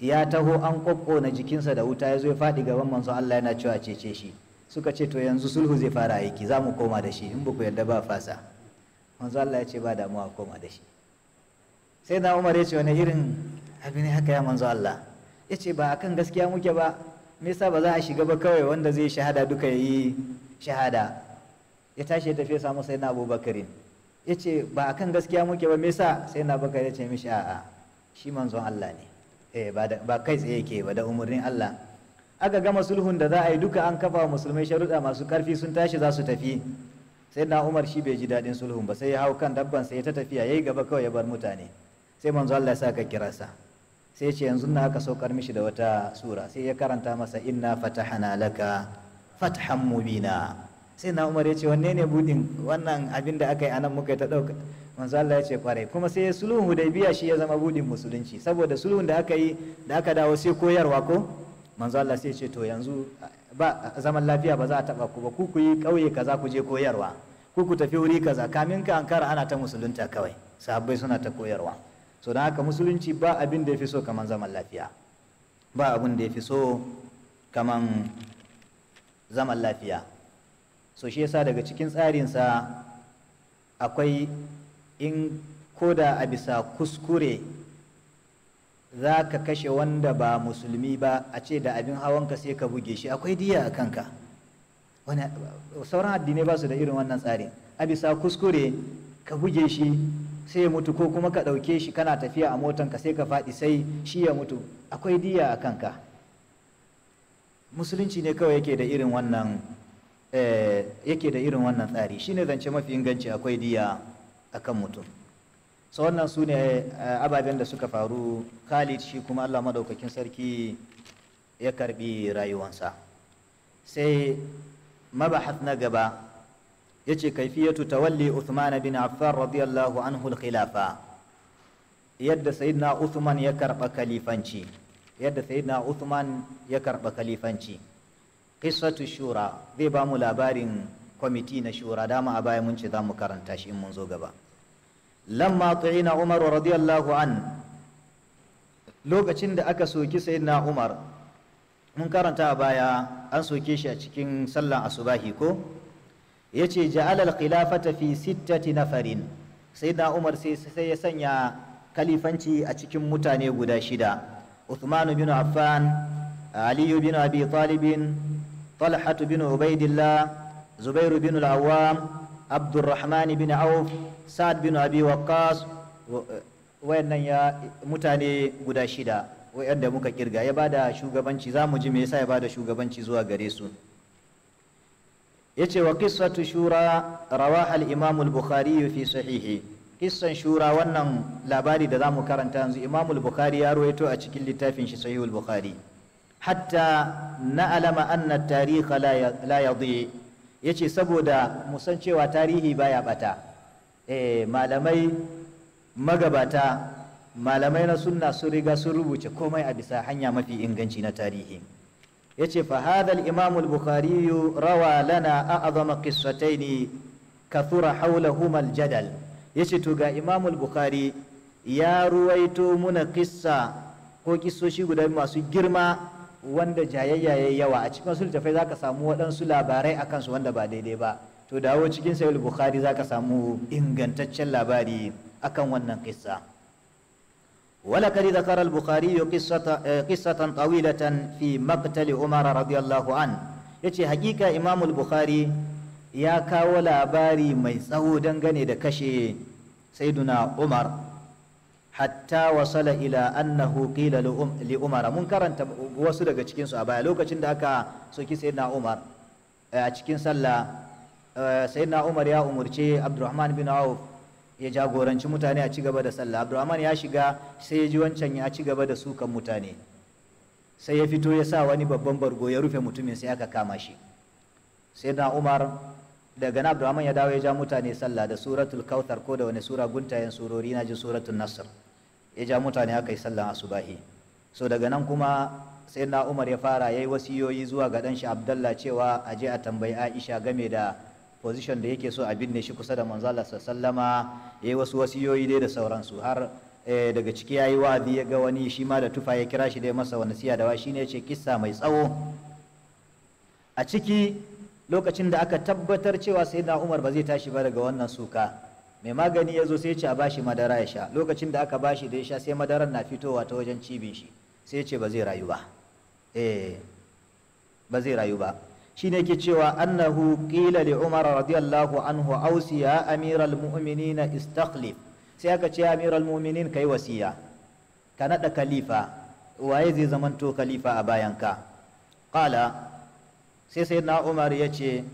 ya taho an na jikinsa da wuta ya zo ya faɗi gaban manzon Allah yana cewa cece shi suka ce to yanzu sulhu zai fara aiki za mu koma da shi in ba ku yarda ba fasa manzo Allah ya ce ba damuwa koma da shi sai na umar ya ce wani irin abu ne haka ya manzo Allah ya ce ba akan gaskiya muke ba me yasa ba za a shiga ba kawai wanda zai shahada duka ya yi shahada ya tashi ya tafi ya samu sai na abubakarin ya ce ba akan gaskiya muke ba me yasa sai na abubakar ya ce mishi a'a shi manzo Allah ne eh ba kai tsaye ke ba da umarnin Allah aka gama sulhun da za a yi duka an kafa wa musulmai sharuɗa masu ƙarfi sun tashi za su tafi sai na umar shi bai ji daɗin sulhun ba sai ya hau kan dabban sai ya ta tafiya ya yi gaba kawai ya bar mutane sai manzo Allah ya saka kira sa sai ce yanzu na aka saukar mishi da wata sura sai ya karanta masa inna fatahana laka fathan mubina sai na Umar ya ce wanne ne budin wannan abin da aka yi anan muka ta dauka manzo Allah ya ce kwarai kuma sai sulhu hudaybiya shi ya zama budin musulunci saboda sulhun da aka yi da aka dawo sai koyarwa ko manzo Allah sai ce to yanzu ba zaman lafiya ba za a taba ku ba ku ku yi kauye kaza ku je koyarwa ku ku tafi wuri kaza kamin ka ankara ana ta musulunta kawai sahabbai suna ta koyarwa so don haka musulunci ba abin da ya fi so kaman zaman lafiya ba abin da ya fi so kaman zaman lafiya so shi yasa daga cikin tsarinsa akwai in ko da a bisa kuskure za ka kashe wanda ba musulmi ba a ce da abin hawanka sai ka buge shi akwai diya a kanka sauran addinai ba su da irin wannan tsarin a bisa kuskure ka buge shi sai ya mutu ko kuma ka ɗauke shi kana tafiya a ka sai ka faɗi sai shi ya mutu akwai diya a kanka musulunci ne kawai yake da irin wannan eh, yake da irin wannan tsari shine zance mafi inganci akwai diya akan mutum so wannan su ne eh, ababen da suka faru khalid shi kuma allah madaukakin sarki ya karbi rayuwansa sai mabahas na gaba yace kaifiyatu tawalli Uthman bin Affan radiyallahu anhu al-khilafa yadda sayyidina Uthman ya karba kalifanci yadda sayyidina Uthman ya karba kalifanci qissatu shura zai ba mu labarin kwamiti na shura dama a baya mun ce za mu karanta shi in mun zo gaba lamma tu'ina Umar radiyallahu an lokacin da aka soki sayyidina Umar mun karanta a baya an soke shi a cikin sallan asubahi ko ya ce ja'alal khilafata fi na farin sai na umar sai ya sanya kalifanci a cikin mutane guda shida Uthman bin Affan Ali bin Abi Talib Talha bin Ubaidillah zubairu bin Al-Awwam bin Auf Sa'ad bin Abi Waqqas wayannan ya mutane guda shida wayanda muka kirga ya bada shugabanci zamu ji me yasa ya bada shugabanci zuwa gare su yace wa qissatu shura rawaha al-imam al-bukhari fi sahihi kissan shura wannan labari da zamu karanta yanzu imam al-bukhari ya rawaito a cikin littafin shi sahih bukhari hatta na'lama anna at-tarikh la yadhi yace saboda mu san cewa tarihi baya bata eh malamai magabata malamai na sunna sun riga sun rubuce komai a bisa hanya mafi inganci na tarihi yace fa hadha al-imam al-bukhari rawa lana a'zama qissatayn kathura hawlahuma al-jadal yace to ga imamul al-bukhari ya ruwaito muna kissa ko kisoshi guda masu girma wanda jayayya yayi yawa a cikin su tafai zaka samu waɗansu labarai akan su wanda ba daidai ba to dawo cikin sahih al-bukhari zaka samu ingantaccen labari akan wannan kissa ولقد ذكر البخاري قصة قصة طويلة في مقتل عمر رضي الله عنه yace hakika imamul al ya kawo labari mai tsawo dangane da kashe Sayyiduna Umar hatta wasala ila annahu qila li mun karanta wasu daga cikinsu a baya lokacin da aka soki Sayyidina Umar a cikin sallah Sayyidina Umar ya umurce abdulrahman bin Auf ya jagoranci mutane a cigaba da sallah abdurrahman ya shiga sai ya ji wancan ya ci gaba da sukan mutane sai ya fito ya sa wani babban bargo ya rufe mutumin sai aka kama shi sai na umar daga na abdurrahman ya dawo ya ja mutane sallah da suratul kautar ko da wani sura guntayen surori na ji suratul nasr ya ja mutane aka yi sallan asubahi so daga nan kuma sai na umar ya fara ya yi wasiyoyi zuwa ga ɗan shi abdallah cewa a je a tambayi aisha game da position da yake so a binne shi kusa da manzala sallama ya yi wasu wasiyoyi dai da sauransu har eh, daga ciki ya yi wa'azi ya ga wani shi ma da tufa ya kira shi dai masa wani siya da wa shi ne ce kissa mai tsawo a ciki lokacin da aka tabbatar cewa sai na umar ba zai tashi ba daga wannan suka mai magani ya zo sai ce a bashi madara ya sha lokacin da aka bashi da ya sha sai madaran na fitowa ta wajen cibin shi sai ce ba zai rayu ba eh ba zai rayu ba shine yake cewa annahu qila li umar radiyallahu anhu ausi ya amiral mu'minin istakhlif sai aka ce amiral mu'minin kai wasiya ka nada khalifa waye zai zamanto khalifa a bayanka qala sai sayyidina umar yace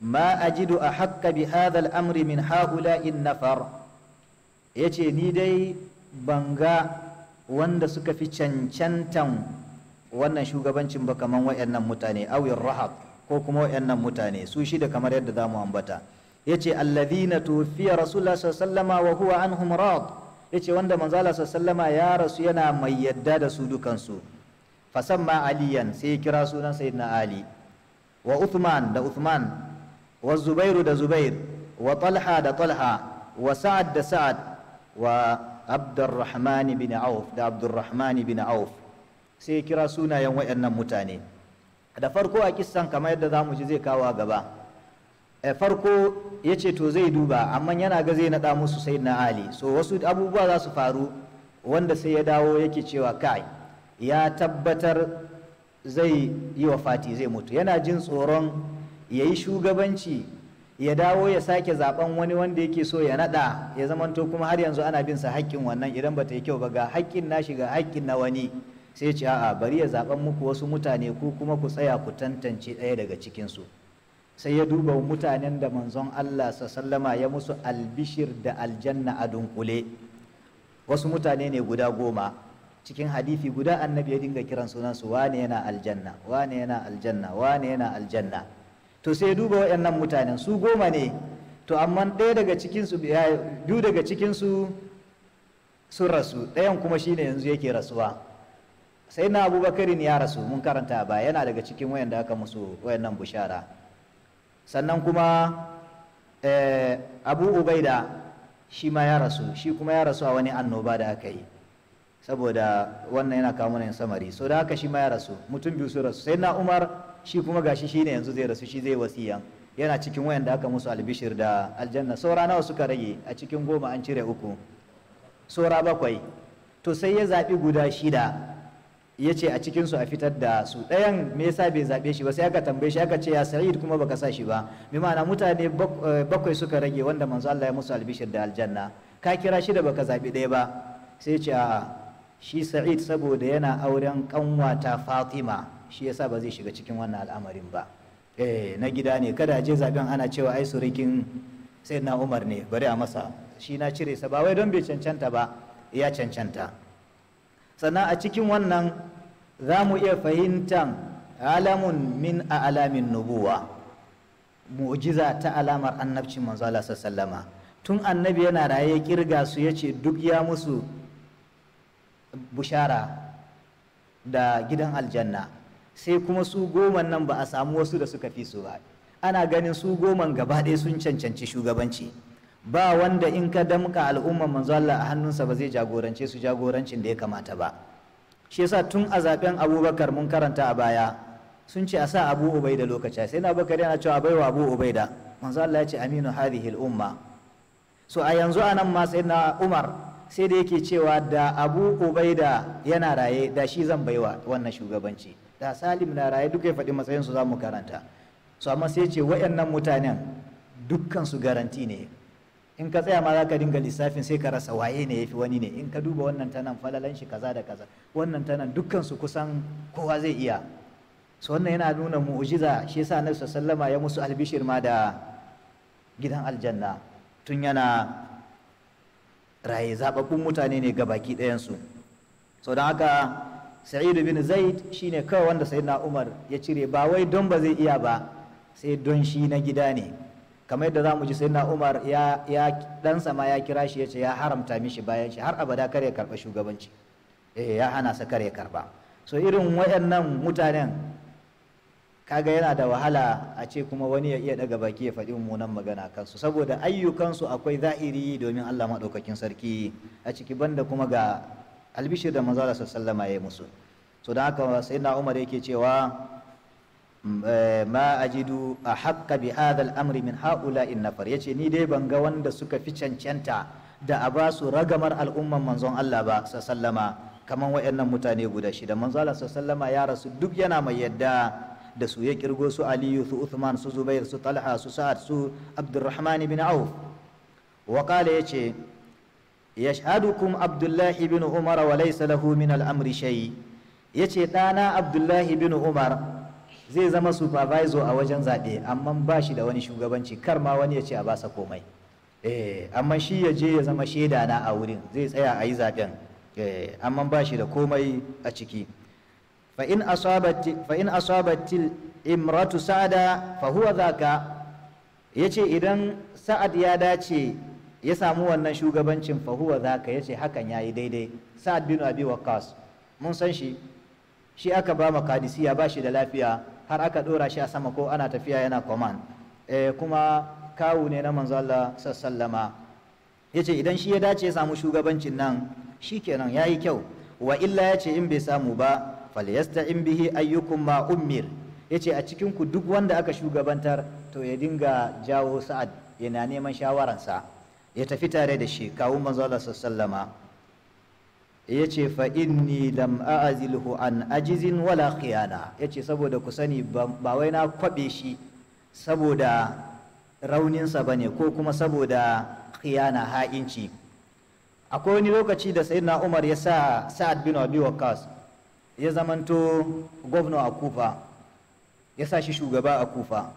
ma ajidu ahakka bi hadha al-amri min in nafar yace ni dai banga wanda suka fi cancantan wannan shugabancin ba kaman wayannan mutane awir rahab ko kuma wayannan mutane su shida kamar yadda zamu ambata yace alladhina tufiya rasulullah sallallahu alaihi wa huwa anhum rad yace wanda manzo Allah sallallahu alaihi ya rasu yana mai yadda da su dukansu fasamma aliyan sai ya kira sunan sayyidina ali wa uthman da uthman wa zubairu da zubair wa talha da talha wa sa'ad da sa'ad wa abdurrahman bin auf da abdurrahman bin auf sai ya kira sunayen waɗannan mutane da farko a kissan kamar yadda za mu ji zai kawo gaba farko ya ce to zai duba amma yana ga zai naɗa musu sai na ali so wasu abubuwa za su faru wanda sai ya dawo yake cewa kai ya tabbatar zai yi wa fati zai mutu yana jin tsoron ya yi shugabanci ya dawo ya sake zaben wani wanda yake so ya naɗa ya zamanto kuma har yanzu ana bin sa haƙƙin wannan idan ba ta yi kyau ba ga haƙƙin nashi ga haƙƙin na wani sai ce a'a bari ya zaɓen muku wasu mutane ko kuma ku tsaya ku tantance ɗaya daga cikinsu sai ya duba mutanen da manzon Allah sallama ya musu albishir da aljanna a dunkule wasu mutane ne guda goma cikin hadifi guda annabi ya dinga kiran sunansu wane yana aljanna wane yana aljanna wane yana aljanna to sai ya duba waɗannan mutanen su goma ne to amma ɗaya daga cikinsu biyu daga cikinsu sun rasu ɗayan kuma shine yanzu yake rasuwa sai na abubakarin ya rasu mun karanta ba yana daga cikin wayan da aka musu wayannan bushara sannan kuma eh, abu ubaida shi ma ya rasu shi kuma ya rasu a wani annoba da aka yi saboda wannan yana kawo mana samari so da haka shi ma ya rasu mutum biyu su rasu sai na umar shi kuma gashi shi ne yanzu zai rasu shi zai wasiyan yana cikin wayan da aka musu albishir da aljanna saura nawa suka rage a cikin goma an cire uku saura bakwai to sai ya zaɓi guda shida ya ce a cikinsu a fitar da su ɗayan me yasa bai zaɓe shi ba sai aka tambaye shi aka ce ya sa'id kuma baka sa shi ba bi ma'ana mutane eh, bakwai suka rage wanda manzo Allah ya musu albishir da aljanna ka kira shi da baka zaɓi ɗaya ba sai ce a shi sa'id saboda yana auren kanwata fatima shi yasa ba zai shiga cikin wannan al'amarin ba eh na gida ne kada je zaben ana cewa ai surikin sayyidina umar ne bari a masa shi na cire sa ba wai don bai cancanta ba ya cancanta sannan a cikin wannan za mu iya fahimtan alamun min a alamin nubuwa mu'jiza ta alamar annabci manzo Allah sallama tun annabi yana raye kirga su yace duk ya musu bushara da gidan aljanna sai kuma su goman nan ba a samu wasu da suka fi su ba ana ganin su goman gaba ɗaya sun cancanci shugabanci ba wanda in ka damka al'ummar manzo Allah a hannunsa ba zai jagorance su jagorancin da ya kamata ba shi yasa tun a zaben abubakar mun karanta a baya sun ce a sa abu ubaida lokaci sai na abubakar yana cewa bai wa abu ubaida manzo Allah ya ce aminu hadhihi al-umma so a yanzu anan ma sai na umar sai da yake cewa da abu ubaida yana raye da shi zan baiwa wannan shugabanci da salim na raye duka ya faɗi matsayin su za mu karanta so amma sai ce waɗannan mutanen dukkan su garanti ne in ka tsaya ma za ka dinga lissafin sai ka rasa waye ne ya fi wani ne in ka duba wannan tanan falalan shi kaza da kaza wannan tanan dukkan su kusan kowa zai iya so wannan yana nuna mu'jiza shi yasa annabi sallama ya musu albishir ma da gidan aljanna tun yana raye zababbun mutane ne ga baki ɗayan su so don haka sa'id bin zaid shine kawai wanda sayyidina umar ya cire ba wai don ba zai iya ba sai don shi na gida ne kamar yadda zamu ji sayyidina Umar ya ya dan sama ya kira shi yace ya haramta mishi bayan shi har abada kare karba shugabanci eh ya hana sa kare karba so irin wayannan mutanen kaga yana da wahala a ce kuma wani ya iya daga baki ya faɗi mummunan magana kansu saboda ayyukansu akwai zahiri domin Allah maɗaukakin sarki a ciki banda kuma ga albishir da manzo Allah sallama ya yi musu so don haka sayyidina Umar yake cewa Eh, ma jidu a haƙƙa bi hadal amri min haula in nafar ya ce ni dai ban ga wanda suka fi cancanta da a ba su ragamar al'umman manzon Allah ba sallama kamar waɗannan mutane guda shida manzon Allah sallama ya rasu duk yana mai yadda da su ya kirgo su Aliyu su Uthman su Zubair su Talha su Sa'ad su Abdurrahman ibn Auf wa qala yace yashhadukum Abdullah ibn Umar wa laysa lahu min al-amri shay yace dana Abdullah ibn Umar zai zama supervisor a wajen zaɓe amma ba shi da wani shugabanci kar ma wani ya ce a basa komai eh amma shi ya je ya zama shaida na a wurin zai tsaya a yi zaɓen eh, amma ba shi da komai a ciki fa in asabat imratu sa'ada fa huwa zaka yace idan sa'ad ya dace ya samu wannan shugabancin fa huwa zaka ce hakan ya yi daidai sa'ad bin abi mun san shi shi aka ba makadisiya ba shi da lafiya har aka ɗora shi a sama ko ana tafiya yana command eh kuma kawu ne na manzo Allah sallama yace idan shi ya dace ya samu shugabancin nan shi ya yayi kyau wa illa yace in bai samu ba in bihi ayyukum ma ummir yace a cikin ku duk wanda aka shugabantar to ya dinga jawo sa'ad yana neman shawararsa ya tafi tare da shi kawun manzo Allah sallama ya ce fa lam a'azilhu an ajizin wala khiyana ya ce saboda ku sani ba wai na kwaɓe shi saboda rauninsa ba ne ko kuma saboda khiyana ha'inci akwai wani lokaci da na umar ya sa sa'ad bin abi waqas ya zamanto gwamna a kufa ya sa shi shugaba a kufa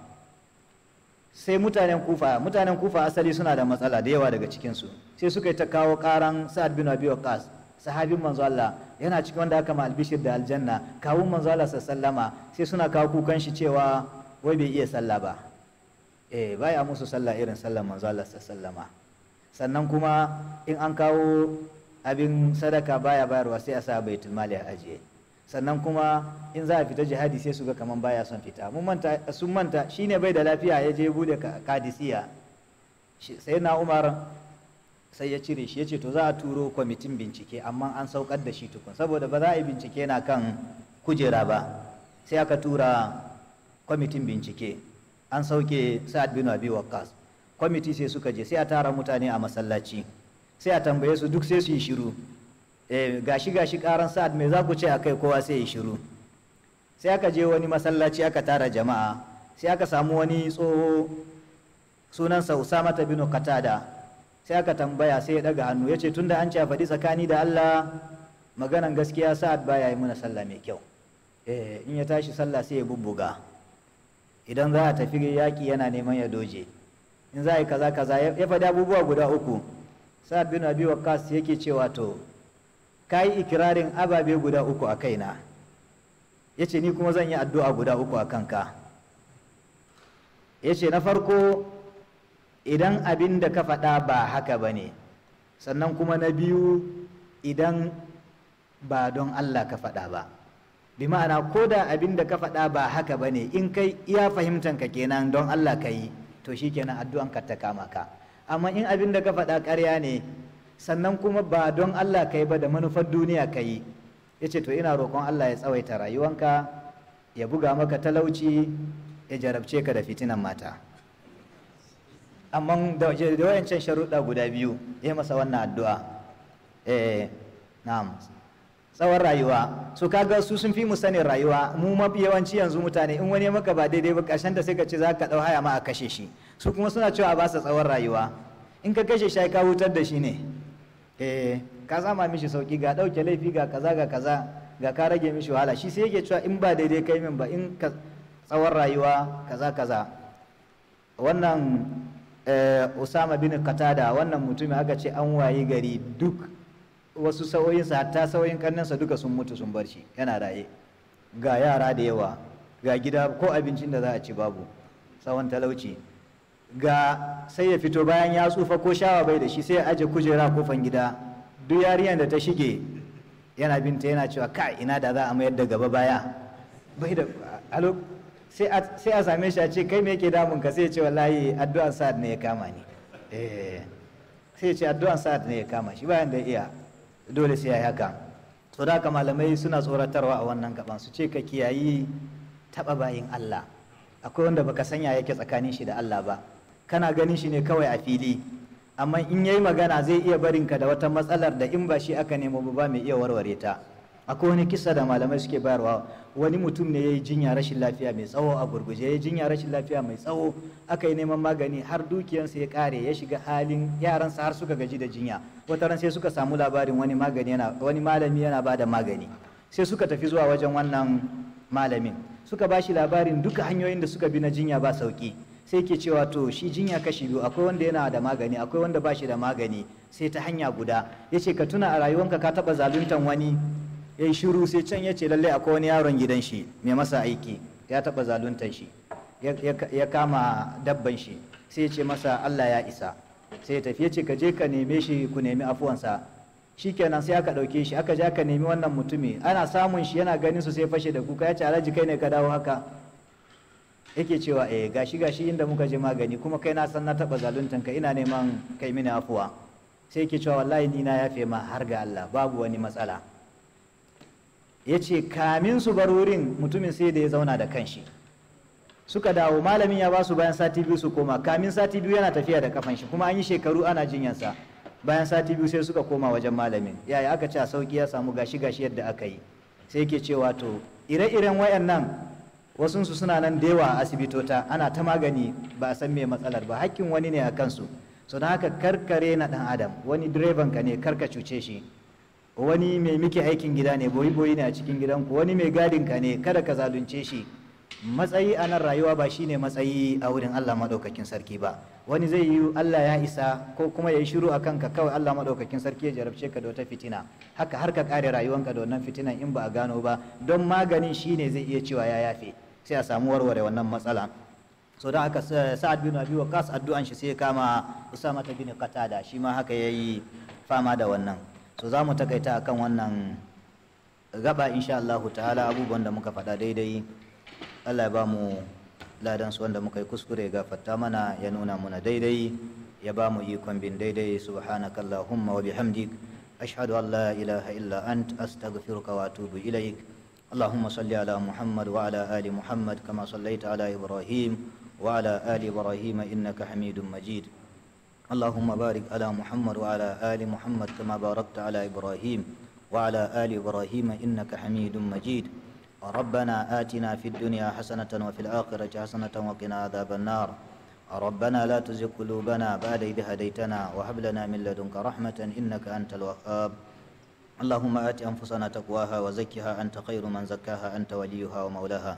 sai mutanen kufa mutanen kufa asali suna da matsala da yawa daga cikinsu sai suka yi ta kawo karan sa'ad bin abi waqas sahabin manzo Allah yana cikin wanda aka ma da aljanna kawun manzo Allah sallama sai suna kawo kukan shi cewa wai bai iya sallah ba eh baya musu sallah irin sallar manzo Allah sallama sannan kuma in an kawo abin sadaka baya bayarwa sai a sa baitul mali a ajiye sannan kuma in za a fita jihadi sai su ga kaman baya son fita mun manta sun manta shine bai da lafiya ya je bude kadisiya sai na Umar sai ya cire shi ya ce to za a turo kwamitin bincike amma an saukar da shi tukun saboda ba za a yi bincike na kan kujera ba sai aka tura kwamitin bincike an sauke sa'ad bin abi waqqas kwamiti sai suka je sai a tara mutane a masallaci sai a tambaye su duk sai su yi shiru e, gashi gashi karan sa'ad mai za ku ce a kai kowa sai yi shiru sai aka je wani masallaci aka tara jama'a sai aka samu wani tsoho sunansa usama ta bin qatada sai aka tambaya sai ya daga hannu ya ce tun da an ce a faɗi tsakani da Allah maganan gaskiya sa'ad baya yi muna sallah mai kyau eh, in ya tashi sallah sai ya bubbuga idan za a tafi yaƙi yana neman ya doje in za a yi kaza kaza ya faɗi abubuwa guda uku sa'ad bin abi waqas yake cewa to ka yi ikirarin ababe guda uku a kaina ce ni kuma zan yi addu'a guda uku a kanka ya ce na farko idan abin da ka faɗa ba haka ba ne sannan kuma na biyu idan ba don Allah ka faɗa ba bi ma'ana ko da abin da ka faɗa ba haka ba ne in kai iya ka kenan don Allah ka yi to shi kenan addu'an ka ta kama ka amma in abin da ka faɗa ƙarya ne sannan kuma ba don Allah ka yi ba da manufar duniya ka yi ya ce to ina roƙon Allah ya tsawaita rayuwanka ya buga maka talauci ya jarabce ka da fitinan mata amma da wayancan sharuɗa guda biyu ya masa wannan addu'a eh na'am tsawon rayuwa su kaga su sun fi mu sanin rayuwa mu mafi yawanci yanzu mutane in wani maka ba daidai ba ƙarshen da sai ka ce za ka ɗau haya ma a kashe shi su kuma suna cewa ba sa tsawon rayuwa in ka kashe shi ka wutar da shi ne eh ka sama mishi sauki ga ɗauke laifi ga kaza ga kaza ga ka rage mishi wahala shi sai yake cewa in ba daidai kai min ba in ka tsawon rayuwa kaza kaza wannan Eh, usama bin katada wannan mutumin aka ce an wayi gari duk wasu sa'o'insa hatta sa'o'in sa duka sun mutu sun bar shi yana raye ga yara da yawa ga gida ko abincin da za a ci babu tsawon talauci ga sai ya fito bayan ya tsufa ko shawa bai da shi sai ya aje kujera kofan gida duk yariyan da ta shige yana binta yana cewa ka ina da za a mayar da gaba baya bai da sai a same shi a ce kai me yake damun ka sai ya ce wallahi addu'an sa'ad ne ya kama ni eh, sai ce addu'an sa'ad ne ya kama shi bayan da iya dole sai ya haka to da ka malamai suna tsoratarwa a wannan gaban su ce ka kiyayi taba bayin Allah akwai wanda baka sanya yake tsakanin shi da Allah ba kana ganin shi ne kawai a fili amma in yayi magana zai iya barinka da wata matsalar da in ba shi aka nemo ba mai iya warware ta akwai wani kisa da malamai suke bayarwa wani mutum ne ya yi jinya rashin lafiya mai tsawo a gurguje ya yi jinya rashin lafiya mai tsawo aka yi neman magani har dukiyansa ya kare ya shiga halin yaransa har suka gaji da jinya wata ran sai suka samu labarin wani magani yana wani malami yana ba da magani sai suka tafi zuwa wajen wannan malamin suka ba shi labarin duka hanyoyin da suka bi na jinya ba sauki sai ke cewa to shi jinya kashi biyu akwai wanda yana da magani akwai wanda ba shi da magani sai ta hanya guda ya ce ka tuna a rayuwanka ka taɓa zaluntan wani ya yi shiru sai can ya ce lallai akwai wani yaron gidan shi mai masa aiki ya taɓa zaluntar shi ya kama dabban shi sai ya ce masa Allah ya isa sai ya tafi ya ce ka je ka neme shi ku nemi afuwansa shi kenan sai aka ɗauke shi aka ja ka nemi wannan mutumi ana samun shi yana ganin su sai fashe da kuka ya ce alhaji kai ne ka dawo haka yake cewa eh gashi gashi inda muka je magani kuma kai na san na taba zaluntan ka ina neman kai mini afuwa sai yake cewa wallahi ni na yafe ma har ga Allah babu wani matsala ya ce kamin su bar wurin mutumin sai da ya zauna da kanshi suka dawo malamin ya ba su bayan sati biyu su koma kamin sati biyu yana tafiya da kafan shi kuma an yi shekaru ana jinyansa bayan sati biyu sai suka koma wajen malamin yaya aka ce a sauki ya samu gashi gashi yadda aka yi sai yake cewa to ire-iren wayannan wasu su suna nan da yawa a asibitota ana ta magani ba a san me matsalar ba hakkin wani ne a kansu so don haka karkare na dan adam wani direban ka ne karka cuce shi wani mai miki aikin gida ne boyi boyi ne a cikin gidanku wani mai gadin ka ne kada ka zalunce shi matsayi a nan rayuwa ba shi ne matsayi a wurin Allah maɗaukakin sarki ba wani zai yi Allah ya isa ko kuma ya yi shiru a kanka kawai Allah maɗaukakin sarki ya jarabce ka da wata fitina haka har ka kare ka da wannan fitinan in ba a gano ba don maganin shi ne zai iya cewa ya yafe sai a samu warware wannan matsala so don haka eh, sa'ad bin abi waqas addu'an shi sai kama usama bin qatada shi ma haka yayi fama da wannan so za mu takaita akan wannan gaba insha Allah ta'ala abubuwan da muka faɗa daidai Allah ya ba mu ladan su wanda muka yi kuskure gafarta mana ya nuna muna daidai ya ba mu ikon bin daidai subhanaka allahumma wa bihamdik ashhadu an la ilaha illa ant astaghfiruka wa atubu ilaik اللهم صل على محمد وعلى آل محمد كما صليت على إبراهيم وعلى آل إبراهيم إنك حميد مجيد اللهم بارك على محمد وعلى آل محمد كما باركت على إبراهيم وعلى آل إبراهيم إنك حميد مجيد ربنا آتنا في الدنيا حسنة وفي الآخرة حسنة وقنا عذاب النار ربنا لا تزغ قلوبنا بعد إذ هديتنا وهب لنا من لدنك رحمة إنك أنت الوهاب اللهم آت أنفسنا تقواها وزكها أنت خير من زكاها أنت وليها ومولاها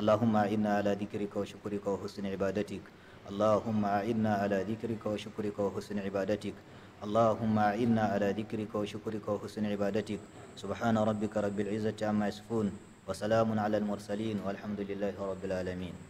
اللهم أعنا على ذكرك وشكرك وحسن عبادتك اللهم أعنا على ذكرك وشكرك وحسن عبادتك اللهم أعنا على ذكرك وشكرك وحسن عبادتك سبحان ربك رب العزة عما يصفون وسلام على المرسلين والحمد لله رب العالمين